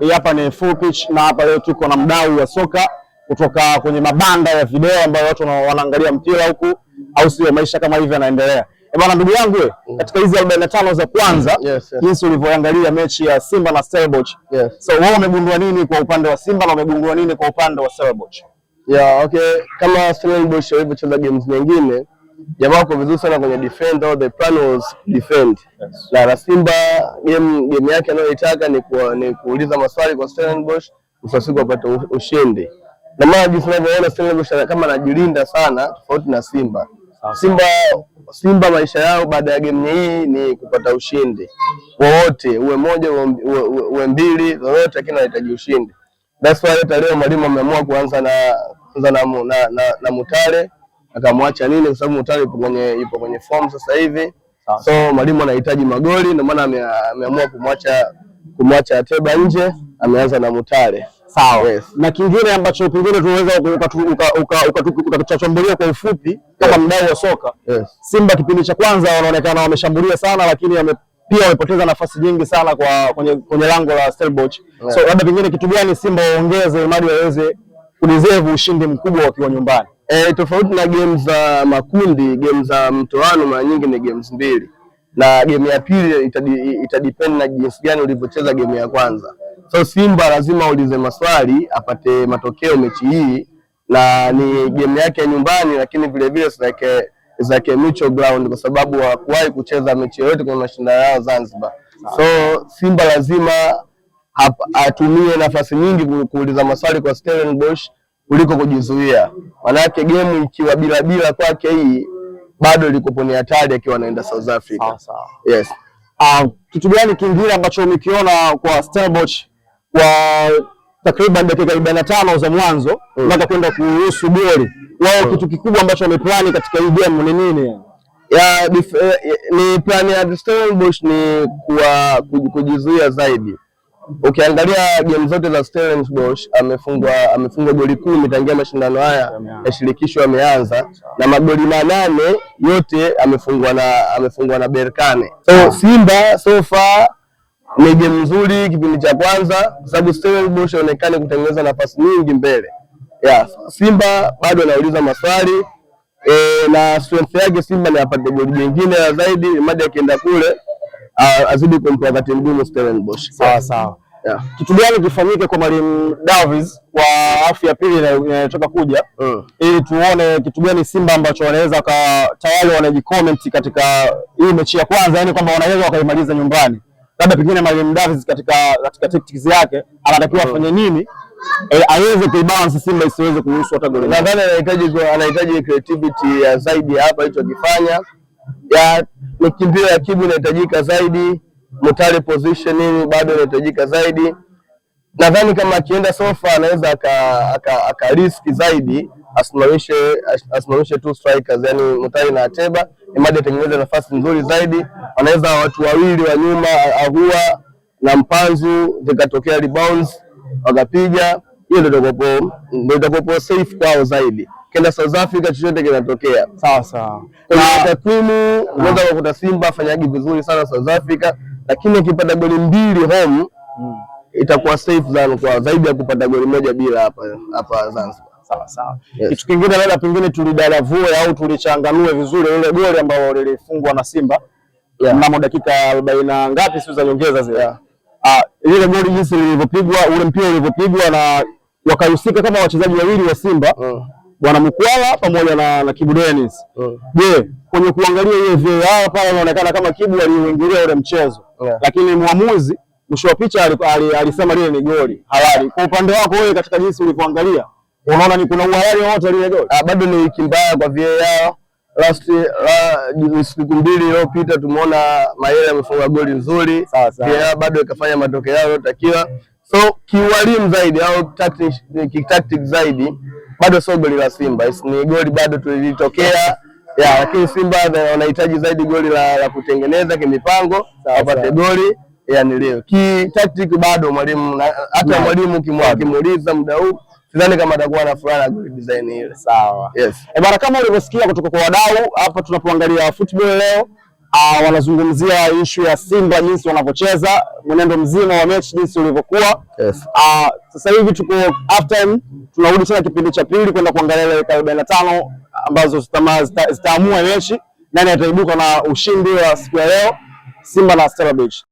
Hii hapa ni full pitch na hapa leo tuko na mdau wa soka kutoka kwenye mabanda ya video ambayo watu wanaangalia mpira huku, au sio? Maisha kama hivi yanaendelea. Eh, bwana ndugu yangu mm. katika hizi 45 za kwanza mm. yes, yes. jinsi ulivyoangalia mechi ya Simba na Stellenbosch. Yes. So wewe umegundua nini kwa upande wa Simba na umegundua nini kwa upande wa Stellenbosch? Yeah, okay. Kama Stellenbosch walivyocheza games nyingine jamaa wako vizuri sana kwenye defend, all the plan was defend yes. la Simba game game yake anayoitaka ni, ku, ni kuuliza maswali kwa Stellenbosch msasiku apate ushindi, na maana jinsi tunavyoona Stellenbosch kama anajilinda sana tofauti na Simba. Simba Simba maisha yao baada ya game hii ni kupata ushindi wowote, uwe moja uwe mbili, lolote lakini anahitaji ushindi. That's why hata leo mwalimu ameamua kuanza na, na, na, na, na Mutale akamwacha nini, kwa sababu Mutale ipo kwenye yupo kwenye form sasa hivi, so mwalimu anahitaji magoli, ndio maana ameamua kumwacha kumwacha Ateba nje, ameanza na Mutale. Sawa. Yes. Na kingine ambacho pengine tunaweza ukatuchachambulia kwa ufupi kama yes, mdau wa soka yes. Simba kipindi cha kwanza wanaonekana wameshambulia sana, lakini wame, pia wamepoteza nafasi nyingi sana kwa kwenye, kwenye lango la Stellenbosch So labda pengine kitu gani Simba waongeze ili waweze kudeserve ushindi mkubwa wakiwa nyumbani. E, tofauti na game za makundi, game za mtoano mara nyingi ni games mbili, na game ya pili itadepend na jinsi gani ulivyocheza game ya kwanza. So Simba lazima ulize maswali apate matokeo mechi hii, na ni game yake ya nyumbani, lakini vilevile like zake neutral ground kwa sababu hawakuwahi kucheza mechi yoyote kwenye mashindano yao Zanzibar. Ah. So Simba lazima atumie nafasi nyingi kuuliza maswali kwa Stellenbosch kuliko kujizuia, manake game ikiwa bila bila kwake hii bado ilikuwa ni hatari akiwa anaenda South Africa. Sawa. Yes. Uh, kitu gani kingine ambacho umekiona kwa Stellenbosch kwa takriban dakika arobaini na tano za mwanzo mm. mpaka mm. kwenda kuruhusu goli wao mm. kitu kikubwa ambacho wameplani katika hii game ni nini? Ya, dif, eh, ni plani ya Stellenbosch ni kuwa kujizuia zaidi Ukiangalia game zote za Stellenbosch amefungwa amefungwa goli kumi tangia mashindano haya ya shirikisho yameanza, na magoli manane yote amefungwa na amefungwa na Berkane. So Simba so far ni game nzuri kipindi cha kwanza, kwa sababu Stellenbosch aonekane kutengeneza nafasi nyingi mbele yeah. Simba bado anauliza maswali e, na strength yake Simba ni apate goli jingine zaidi madi akienda kule Ah, azidi kumpa wakati mgumu Stellenbosch. Sawa sawa. Yeah. Kitu gani kifanyike kwa Mwalimu Davis kwa hafu ya pili inayotoka kuja mm. ili tuone kitu gani Simba ambacho wanaweza tayari wanajicomment katika hii mechi ya kwanza, yani kwamba wanaweza wakaimaliza nyumbani, labda pengine Mwalimu Davis katika katika tactics yake anatakiwa mm. afanye mm. nini e, aweze kuibalance Simba isiweze kuruhusu hata goli. Nadhani anahitaji anahitaji creativity ya zaidi hapa, hicho kifanya ya mikimbio ya kibu inahitajika zaidi, mutare positioning bado inahitajika zaidi. Nadhani kama akienda sofa anaweza aka, aka risk zaidi, asimamishe asimamishe two strikers, yani mtare na ateba imadi atengeneze nafasi nzuri zaidi, anaweza watu wawili wa nyuma ahua na mpanzu zikatokea rebounds wakapiga, hiyo ndio itakuwa safe kwao zaidi kenda South Africa chochote kinatokea. Sawa sawa. Kwa takwimu ah. unaweza kukuta Simba afanyaji vizuri sana South Africa, lakini akipata goli mbili home hmm. itakuwa safe sana kwa zaidi ya kupata goli moja bila hapa hapa Zanzibar. Sawa sawa. kitu Yes. kingine labda pengine tulidaravue au tulichanganue vizuri lile goli ambalo lilifungwa na Simba yeah. mnamo dakika arobaini na ngapi sio za nyongeza zile. Yeah. Ah, ile goli jinsi lilivyopigwa, ule mpira ulivyopigwa na wakahusika kama wachezaji wawili wa Simba mm Bwana Mkwala pamoja na, na Kibu Dennis. Mm. Je, yeah. kwenye kuangalia hiyo VAR pale inaonekana kama Kibu aliuingilia ule mchezo yeah. lakini mwamuzi mwisho wa picha alisema lile ni goli halali. Kwa upande wako wewe, katika jinsi ulivyoangalia, unaona ni kuna uhalali wowote lile goli? Ah, bado ni wiki mbaya kwa VAR. Last la, siku mbili iliyopita tumeona Mayele amefunga goli nzuri, VAR bado ikafanya matokeo yao takiwa. So kiwalimu zaidi au tactics zaidi bado sio goli la Simba, ni goli bado tulilitokea ya, lakini Simba wanahitaji zaidi goli la, la kutengeneza kimipango wapate goli yani leo ki tactic bado mwalimu hata mwalimu kimuuliza muda huu sidhani kama atakuwa na furaha na goal design ile. Sawa. Yes. E bana, kama ulivyosikia kutoka kwa wadau hapa tunapoangalia football leo, uh, wanazungumzia issue ya Simba jinsi wanavyocheza mwenendo mzima wa mechi jinsi ulivyokuwa. Yes. Uh, sasa hivi tuko half time tunarudi tena kipindi cha pili kwenda kuangalia ile dakika arobaini na tano ambazo zitaamua mechi nani ataibuka na ushindi wa siku ya leo Simba na Beach.